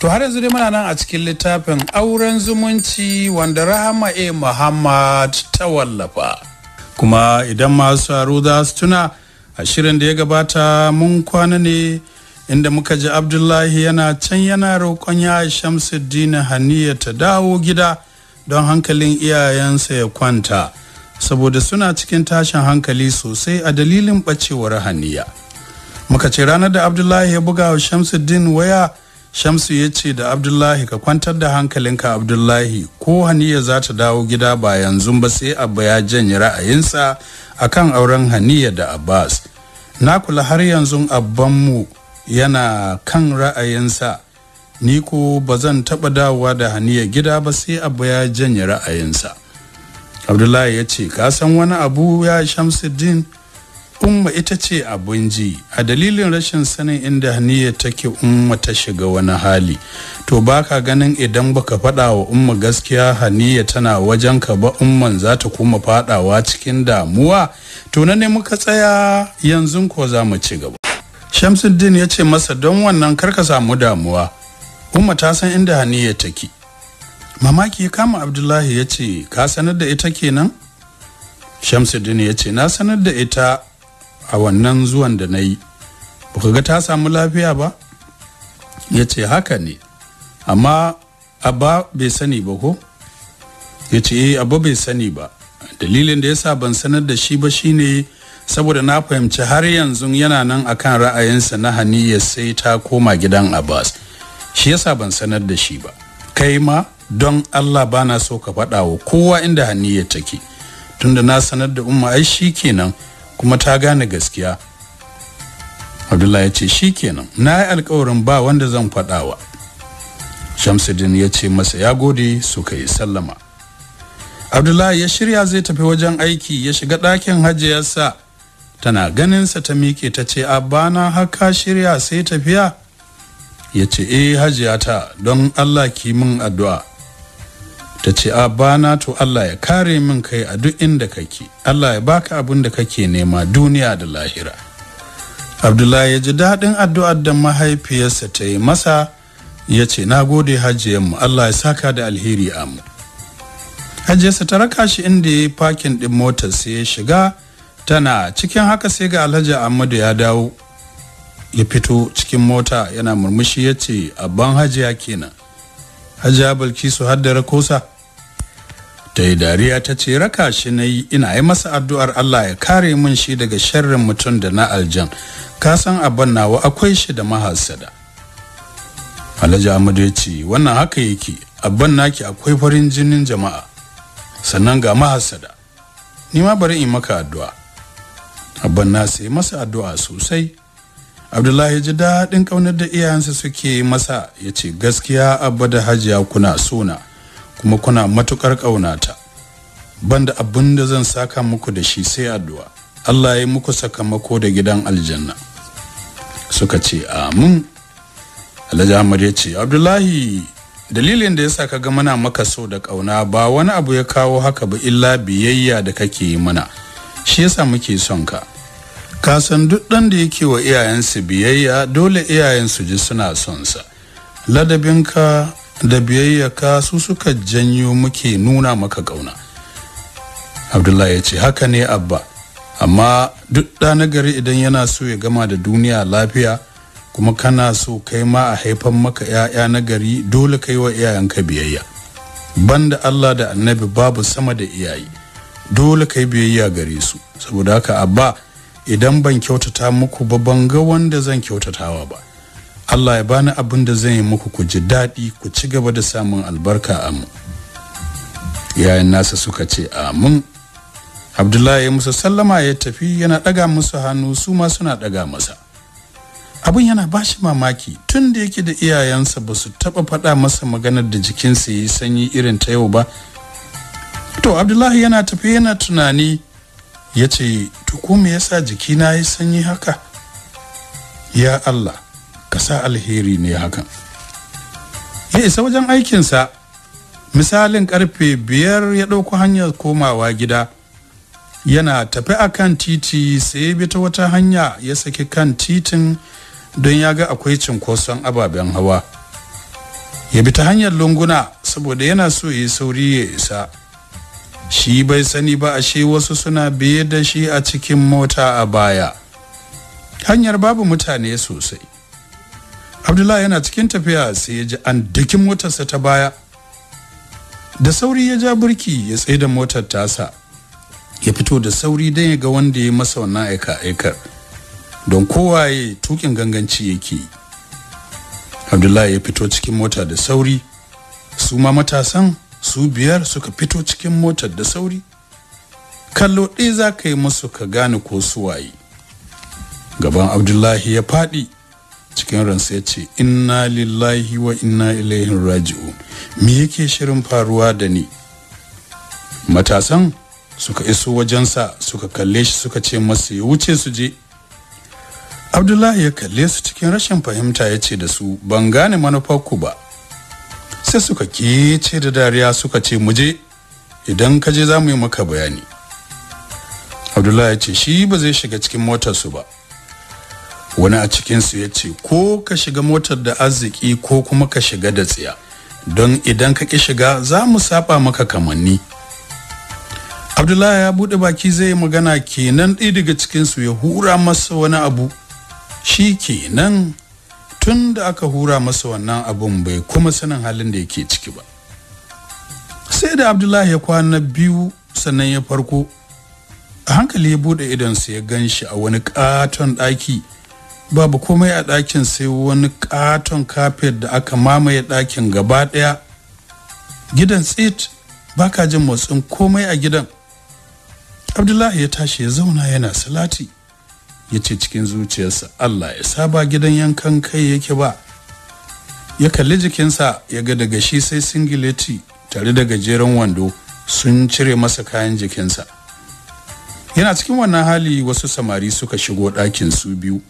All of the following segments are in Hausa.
to har yanzu dai muna nan a cikin littafin auren zumunci wanda rahama a muhammad ta wallafa kuma idan masu aro za su tuna a shirin da ya gabata mun kwana ne inda muka ji abdullahi yana can yana roƙon ya shamsuddin haniya ta dawo gida don hankalin iyayensa ya kwanta saboda suna cikin tashin hankali sosai a dalilin ɓacewar haniya muka ce ranar da abdullahi ya buga wa shamsuddin waya Shamsu ya ce da Abdullahi ka kwantar da hankalinka Abdullahi ko Haniya za ta dawo gida ba yanzu ba sai Abba ya janye ra'ayinsa a kan auren Haniya da Abbas. Na kula har yanzu abbanmu yana kan ra'ayinsa ni ko ba zan taɓa dawowa da Haniya gida ba sai Abba ya janye ra'ayinsa. Abdullahi ya ce ka san wani abu ya Shamsuddin umma ita ce abin ji a dalilin rashin sanin inda haniya take umma ta shiga wani hali to baka ganin idan baka fada wa umma gaskiya haniya tana wajen ka ba umman za ta kuma fadawa cikin damuwa to na ne muka tsaya yanzu ko za mu ci gaba shamsuddin ya ce masa don wannan karka samu damuwa umma ta san inda haniya take mamaki ya kama abdullahi ya ce ka sanar da ita kenan shamsuddin ya ce na sanar da ita a wannan zuwan da na yi baka ga ta samu lafiya ba ya ce haka ne amma abba bai sani ba ko ya ce eh, abba bai sani ba dalilin da yasa ban sanar da shi ba shine saboda na fahimci har yanzu yana nan akan ra'ayinsa na haniya sai ta koma gidan abbas shi yasa ban sanar da shi ba kai ma don allah bana so ka faɗa wa kowa inda haniya take tunda na sanar da umma ai shi kenan kuma ta gane gaskiya abdullahi ya ce shi kenan na yi alkawarin ba wanda zan faɗawa shamsuddin ya ce masa ya gode suka yi sallama abdullahi ya shirya zai tafi wajen aiki ya shiga ɗakin hajiyarsa tana ganinsa ta miƙe ta ce abana haka shirya sai tafiya ya ce eh hajiyata don allah ki min addu'a ta ce a bana to Allah ya kare min kai a duk inda kake Allah ya baka abin da kake nema duniya da lahira abdullahi ya ji daɗin addu'ar da mahaifiyarsa ta yi masa ya ce na gode hajiyarmu Allah ya saka da alheri a mu. hajiyarsa ta raka shi inda ya yi fakin ɗin motar sai ya shiga tana cikin haka sai ga alhaji ahmadu ya dawo ya fito cikin mota yana murmushi ya ce abban hajiya kenan hajiya balkisu da rakosa ta yi dariya ta ce raka shi na yi ina yi masa addu'ar Allah ya kare min shi daga sharrin mutum da na aljan ka san abin nawa akwai shi da mahasada alhaji amadu ya ce wannan haka yake abin naki akwai farin jinin jama'a sannan ga mahasada ni ma bari in maka addu'a abin na sai masa addu'a sosai abdullahi ji daɗin ƙaunar da iyayensa suke masa ya ce gaskiya abba da hajiya kuna sona kuma kuna matukar ƙaunata banda abin da zan saka muku da shi sai addu'a Allah ya muku sakamako da gidan aljanna suka ce amin Alhaji Ahmad ya ce Abdullahi dalilin da ya sa ka ga muna maka so da ƙauna ba wani abu ya kawo haka ba illa biyayya da kake yi mana shi yasa muke son ka ka san duk ɗan da yake wa iyayensu biyayya dole iyayen su ji suna son sa ladabinka da biyayyaka su suka janyo muke nuna maka ƙauna. abdullahi ya ce haka ne abba amma duk ɗa nagari idan yana so ya gama da duniya lafiya kuma kana so kai ma a haifan maka 'ya'ya na gari dole kai wa iyayenka biyayya banda allah da annabi babu sama da iyaye dole kai biyayya gare su saboda haka abba idan ban kyautata muku ba ban ga wanda zan kyautatawa ba Allah ya bani abin da zan yi muku ku ji daɗi ku ci gaba da samun albarka a mu yayin nasa suka ce amin abdullahi ya musa sallama ya tafi yana ɗaga musu hannu su ma suna ɗaga masa Abun yana ba shi mamaki tun da yake da iyayensa ba su taɓa faɗa masa maganar da jikinsa ya yi sanyi irin ta yau ba to abdullahi yana tafi yana tunani ya ce tuku me yasa jikina ya sanyi haka ya allah kasa alheri ne haka ya isa wajen aikinsa misalin karfe biyar ya ɗauko hanyar komawa gida yana tafi a kan titi sai bi ta wata hanya ya saki kan titin don ya ga akwai cinkoson ababen hawa ya bi ta hanyar lunguna saboda yana so ya sauri ya isa shi bai sani ba ashe wasu suna biye da shi a cikin mota a baya hanyar babu mutane sosai abdullahi yana cikin tafiya sai ya ji an dakin motarsa ta baya da sauri ya ja burki ya tsaye da motar tasa ya fito da sauri don ya ga wanda ya masa wannan aika-aikar don kowaye tukin ganganci yake abdullahi ya fito cikin mota da sauri su ma matasan su biyar suka fito cikin motar da sauri kallo ɗaya za ka yi musu ka gane ko su waye. gaban abdullahi ya faɗi cikin ransa ya ce inna lillahi wa inna ilaihi raji'u me yake shirin faruwa da ni matasan suka iso wajensa suka kalle shi suka ce masa ya wuce su je abdullahi ya kalle su cikin rashin fahimta ya ce da su ban gane manufar ku ba sai suka kece da dariya suka ce mu je idan ka je za mu yi maka bayani abdullahi ya ce shi ba zai shiga cikin motarsu ba wani a cikinsu ya ce ko ka shiga motar da arziki ko kuma ka shiga da tsiya don idan ka ki shiga za mu saba maka kamanni abdullahi ya buɗe baki zai yi magana kenan ɗaya daga cikinsu ya hura masa wani abu shi kenan tun da aka hura masa wannan abun bai kuma sanin halin da yake ciki ba sai da abdullahi ya kwana biyu sannan ya farko a hankali ya buɗe idonsa ya gan shi a wani ƙaton ɗaki babu komai a ɗakin sai wani katon kafet da aka mamaye ɗakin gaba ɗaya gidan tsit baka jin motsin komai a gidan abdullahi ya tashi ya zauna yana salati ya ce cikin zuciyarsa allah ya saba gidan yankan kai yake ba ya kalli jikinsa ya ga daga shi sai singileti tare da gajeren wando sun cire masa kayan jikinsa yana cikin wannan hali wasu samari suka shigo ɗakin su biyu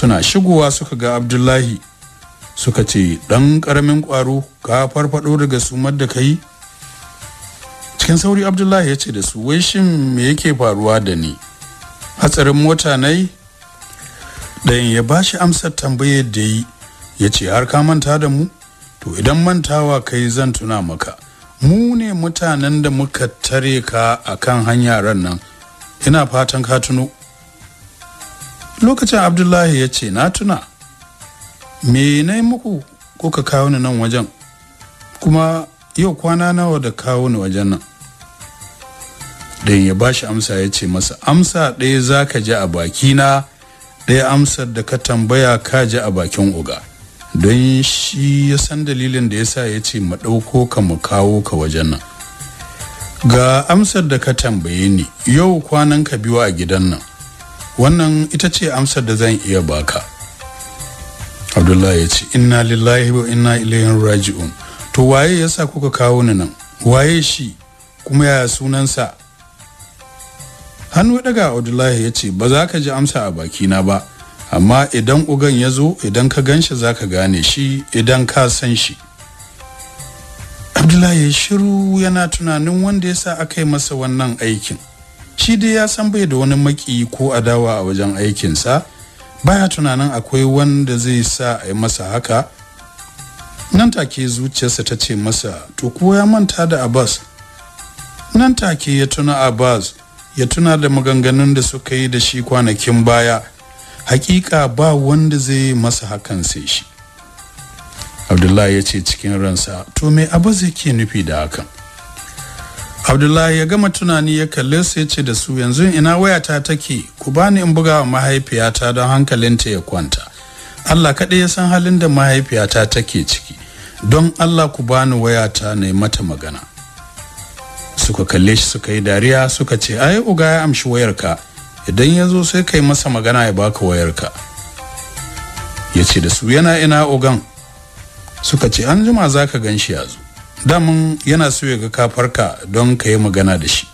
suna shigowa suka ga abdullahi suka ce ɗan ƙaramin ƙwaro ka farfaɗo daga sumar da ka yi cikin sauri abdullahi ya ce da su wai shin me yake faruwa da ni hatsarin mota na yi ɗayan ya ba shi amsar tambayar da yi ya ce har ka manta da mu to idan mantawa kai zan tuna maka mu ne mutanen da muka tare ka a kan hanyar nan ina fatan ka tuno lokacin abdullahi ya ce na tuna me na yi muku kuka kawo ni nan wajen kuma yau kwana nawa da kawo ni wajen nan don ya ba shi amsa ya ce masa amsa ɗaya za ka ji a bakina ɗaya amsar da ka tambaya ka ji a bakin uga don shi ya san dalilin da ya sa ya ce mu ɗauko ka mu kawo ka wajen nan ga amsar da ka tambaye ni yau kwanan ka biyu a gidan nan wannan ita ce amsar da zan iya baka abdullahi ya ce inna lillahi wa inna ilayhi raji'un to waye yasa kuka kawo ni nan waye shi kuma yaya sunansa hannu daga abdullahi ya ce ba za ka ji amsa a bakina ba amma idan ugan ya zo idan ka gan shi za ka gane shi idan ka san shi abdullahi ya shiru yana tunanin wanda ya sa aka yi masa wannan aikin shi dai ya san bai da wani maki ko adawa a wajen aikinsa baya tunanin akwai wanda zai sa a yi masa haka nan take zuciyarsa ta ce masa to ko ya manta da abbas nan take ya tuna abbas ya tuna da maganganun da suka yi da shi kwanakin baya hakika ba wanda zai masa hakan sai shi abdullahi ya ce cikin ransa to me abbas yake nufi da hakan abdullahi ya gama tunani ya kalli su ya ce da su yanzu ina wayata take ku bani in buga wa mahaifiyata don hankalinta ya kwanta allah kaɗai ya san halin da mahaifiyata take ciki don allah ku bani wayata na mata magana suka kalle shi suka yi dariya suka ce ai uga ya amshi wayarka idan ya zo sai kai masa magana ya baka wayarka ya ce da su yana ina ugan suka ce an jima za ka gan shi damun yana so ya ga kafarka don ka yi magana da shi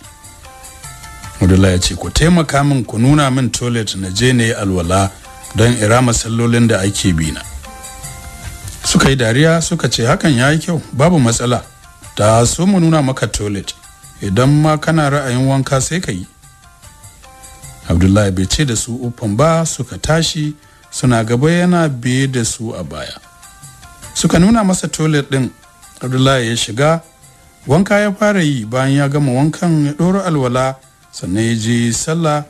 mudula ya ce ku taimaka min ku nuna min toilet na je ne alwala don ira masallolin da ake bi na. suka yi dariya suka ce hakan ya yi kyau babu matsala ta so mu nuna maka toilet idan ma kana ra'ayin wanka sai ka yi abdullahi bai ce da su uffan ba suka tashi suna gaba yana biye da su a baya suka nuna masa toilet din abdullahi ya shiga wanka ya fara yi bayan ya gama wankan ya ɗora alwala sannan ya je sallah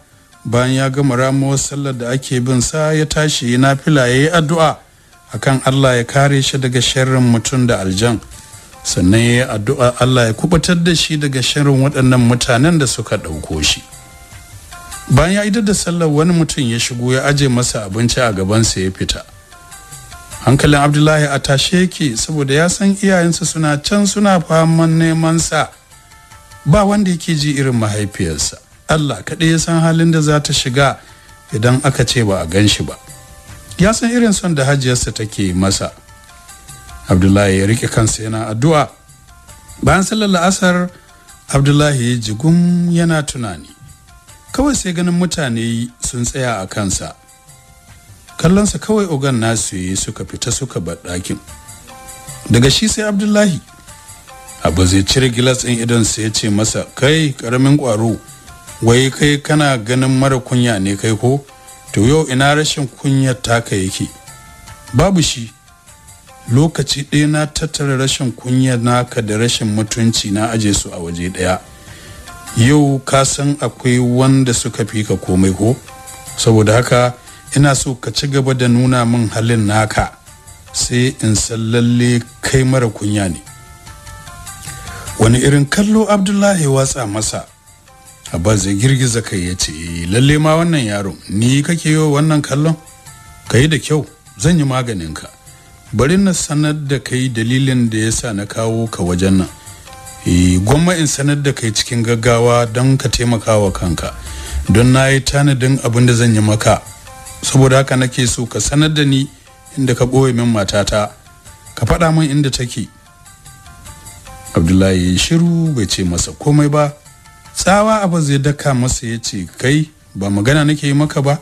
bayan ya gama ramuwar sallar da ake bin sa ya tashi na fila ya yi addu'a akan Allah ya kare shi daga sharrin mutum da aljan sannan ya yi addu'a Allah ya kubutar da shi daga sharrin waɗannan mutanen da suka ɗauko shi bayan ya idar da sallar wani mutum ya shigo ya aje masa abinci a gabansa ya fita hankalin abdullahi a tashe yake saboda ya san iyayensa suna can suna faman neman sa ba wanda yake ji irin mahaifiyarsa allah kaɗai ya san halin da za ta shiga idan aka ce ba a gan shi ba ya san irin son da hajiyarsa take masa abdullahi ya rike kansa yana addu'a bayan sallar la'asar abdullahi ya jigun yana tunani kawai sai ganin mutane sun tsaya a kansa kallonsa kawai ogan nasu yi suka fita suka baɗakin daga shi sai abdullahi abu zai cire gilas ɗin idan sai ya ce masa kai ƙaramin ƙwaro wai kai kana ganin mara kunya ne kai ko to yau ina rashin kunya taka yake babu shi lokaci ɗaya na tattara rashin kunya naka da rashin mutunci na aje su a waje ɗaya yau ka san akwai wanda suka fi ka komai ko saboda haka ina so ka ci gaba da nuna min halin naka sai in san lalle kai mara kunya ne wani irin kallo abdullahi watsa masa abba zai girgiza kai ya ce lalle ma wannan yaron ni kake yi wannan kallon ka yi da kyau zan yi maganin ka. bari na sanar da kai dalilin da ya sa na kawo ka wajen nan eh, gwamma in sanar da kai cikin gaggawa don ka taimaka wa kanka don na yi tanadin abin da zan yi maka saboda haka nake so ka sanar da ni inda ka ɓoye min matata ka faɗa min inda take abdullahi ya shiru bai ce masa komai ba tsawa abu zai daka masa ya ce kai ba magana nake yi maka ba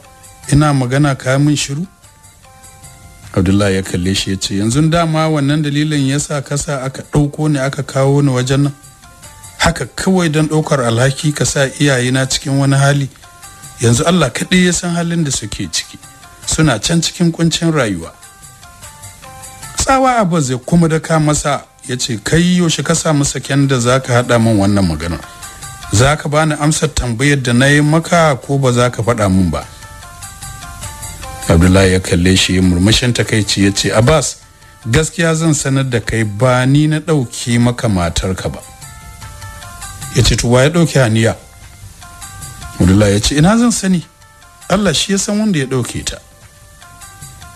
ina magana ka min shiru abdullahi ya kalle shi ya ce yanzu dama wannan dalilin ya sa kasa aka ɗauko ni aka kawo ni wajen nan haka kawai don ɗaukar alhaki ka sa iyayena cikin wani hali yanzu Allah kaɗai ya san halin da suke ciki suna can cikin kuncin rayuwa tsawa abbas ya kuma daka masa ya ce kai yaushe ka sa masa ken da za ka haɗa min wannan magana za ka bani amsar tambayar da na yi maka ko ba za ka faɗa min ba abdullahi ya kalle shi murmushin takaici ya ce abbas gaskiya zan sanar da kai ba ni na ɗauke maka matarka ba ya ce wa ya ɗauki haniya abdullah ya ce ina zan sani allah shi ya san wanda ya ɗauke ta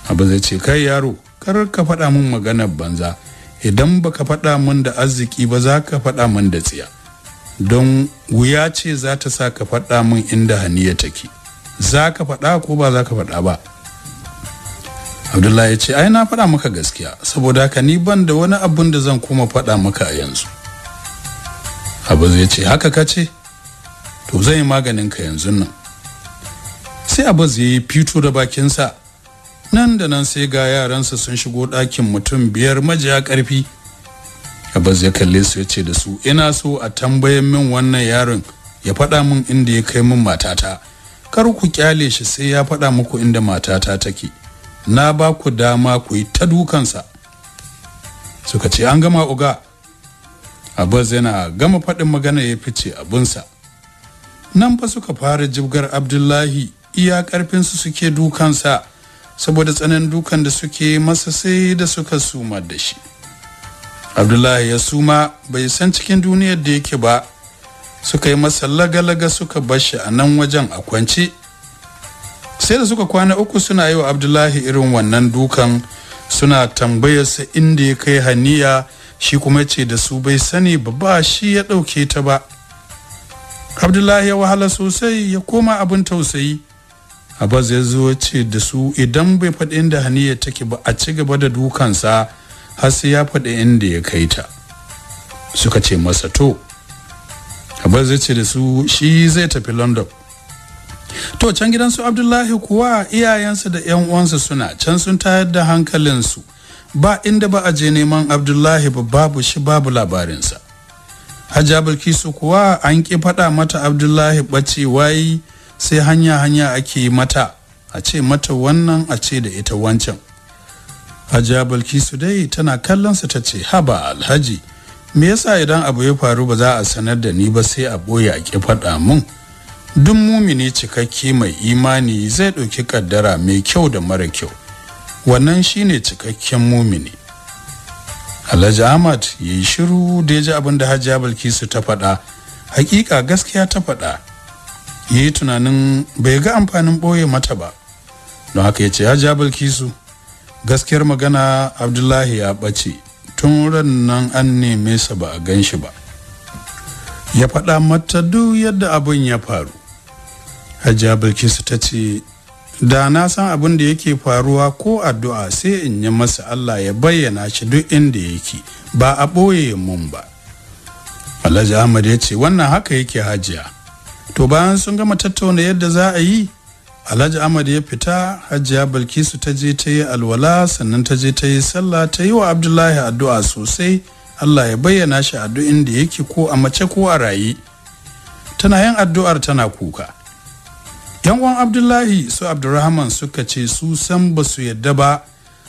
abu zai ce kai yaro kar ka faɗa min maganar banza idan baka faɗa min da arziki ba za ka faɗa min da tsiya don wuya ce za ta sa ka faɗa min inda haniya take za ka faɗa ko ba za ka faɗa ba abdullahi ya ce ai na faɗa maka gaskiya saboda haka ni ban da wani abun da zan kuma faɗa maka a yanzu abu zai ce haka ka ce to zai maganin ka yanzu nan sai abaz ya yi fito da bakinsa nan da nan sai ga yaransa sun shigo ɗakin mutum biyar majiya ƙarfi abaz ya kalle su ya ce da su ina so a tambayen min wannan yaron ya faɗa min inda ya kai min matata kar ku kyale shi sai ya faɗa muku inda matata take na ba ku dama ku yi ta dukansa suka ce an gama uga abaz yana gama faɗin magana ya fice abinsa nan fa suka fara jibgar abdullahi iya karfinsu suke dukansa saboda tsanan dukan da suke masa sai da suka suma da shi abdullahi ya suma bai san cikin duniyar da yake ba suka yi masa lagalaga suka bashi a nan wajen a kwance sai da suka kwana uku suna yi wa abdullahi irin wannan dukan suna tambayarsa inda ya kai haniya shi kuma ce da su bai sani ba ba shi ya ɗauke ta ba abdullahi ya wahala sosai ya koma abin tausayi ba ya zo ce da su idan bai faɗi inda haniya take ba a ci gaba da dukansa har sai ya faɗi inda ya kai ta suka ce masa to abbas ya ce da su shi zai tafi london to can gidansu abdullahi kuwa iyayensa da yan uwansa suna can sun tayar da hankalinsu ba inda ba a je neman abdullahi ba babu shi babu labarinsa hajjabul kisu kuwa an ki faɗa mata abdullahi ɓace wayi sai hanya hanya ake mata a ce mata wannan a ce da ita wancan hajjabul kisu dai tana kallonsa ta ce haba alhaji me yasa idan abu ya faru ba za a sanar da ni ba sai a boye a ki faɗa mun duk mumini cikakke mai imani zai ɗauki kaddara mai kyau da mara kyau wannan shine cikakken mumini alhaji ahmad ya yi shiru da ya ji abin da hajiya bilkisu ta faɗa hakika gaskiya ta faɗa ya yi tunanin bai ga amfanin ɓoye mata ba don haka ya ce hajiya bilkisu gaskiyar magana abdullahi ya ɓace tun ran nan an neme sa ba a gan shi ba ya faɗa mata duk yadda abin ya faru hajiya bilkisu ta ce da na san abin da yake faruwa ko addu'a sai in yi masa Allah ya bayyana shi duk inda yake ba a ɓoye mun ba Alhaji Ahmad ya ce wannan haka yake hajiya to bayan sun gama tattauna yadda za a yi Alhaji Ahmad ya fita hajiya Bilkisu ta je ta yi alwala sannan ta je ta yi sallah ta yi wa Abdullahi addu'a sosai Allah ya bayyana shi a duk inda yake ko a mace ko a rayi tana yin addu'ar tana kuka yan abdullahi su abdurrahman suka ce su san ba su yadda ba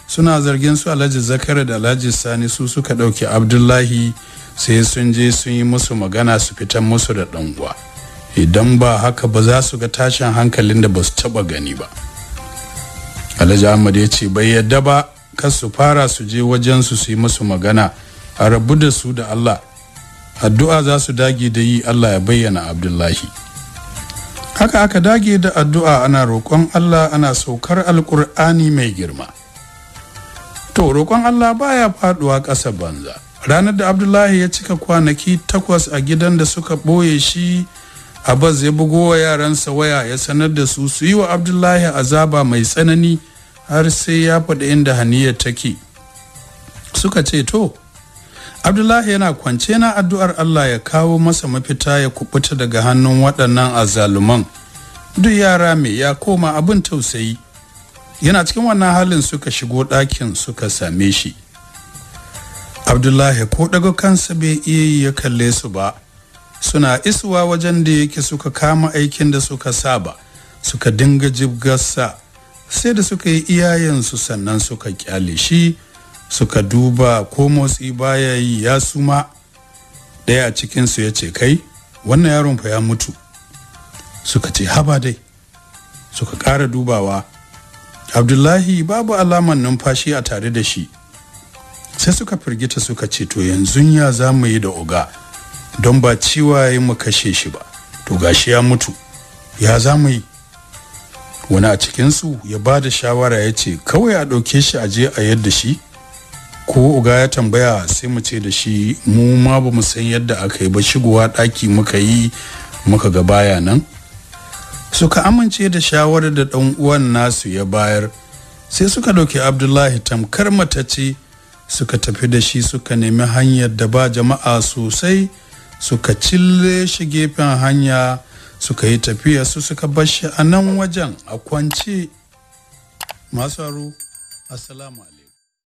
suna zargin su alhaji zakara da alhaji sani su suka ɗauki abdullahi sai sun je sun yi musu magana su fitan musu da uwa idan ba haka ba za su ga tashin hankalin da ba su taɓa gani ba alhaji ahmad ya ce bai yadda ba kar su fara su je wajen su su yi musu magana a rabu da su da allah addu'a za su dage da yi allah ya bayyana abdullahi haka aka dage da addu'a ana roƙon Allah ana saukar Alkur'ani mai girma to roƙon Allah baya faduwa ƙasa banza ranar da Abdullahi ya cika kwanaki takwas a gidan da suka ɓoye shi Abbas ya bugo wa yaransa waya ya sanar da su su yi wa Abdullahi azaba mai tsanani har sai ya faɗi inda haniyar take suka ce to abdullahi yana kwance na addu'ar allah ya kawo masa mafita ya kubuta daga hannun waɗannan azaluman duk yara mai ya koma abin tausayi yana cikin wannan halin suka shigo ɗakin suka same shi abdullahi ko ɗago kansa bai iya yi ya kalle su ba suna isuwa wajen da yake suka kama aikin da suka saba suka dinga jibgarsa sai da suka yi iyayensu sannan suka kyale shi suka duba ko motsi baya yi ya suma ɗaya cikinsu ya ce kai wannan yaron fa ya mutu suka ce haba dai suka ƙara dubawa abdullahi babu alaman numfashi a tare da shi sai suka firgita suka ce to yanzu ya za mu yi da oga don ba ciwa yi mu kashe shi ba to gashi ya mutu ya za mu yi wani a cikinsu ya ba da shawara ya ce kawai a ɗauke shi aje a yadda shi ko uga ya tambaya sai mu ce da shi mu ma ba mu san yadda aka yi ba shigowa ɗaki muka yi muka ga baya nan suka amince da shawarar da ɗan uwan nasu ya bayar sai suka ɗauki abdullahi tamkar matacce suka tafi da shi suka nemi hanyar da ba jama'a sosai suka cille shi gefen hanya suka yi tafiya su suka bar shi a nan wajen a kwance masu aro assalamu alaikum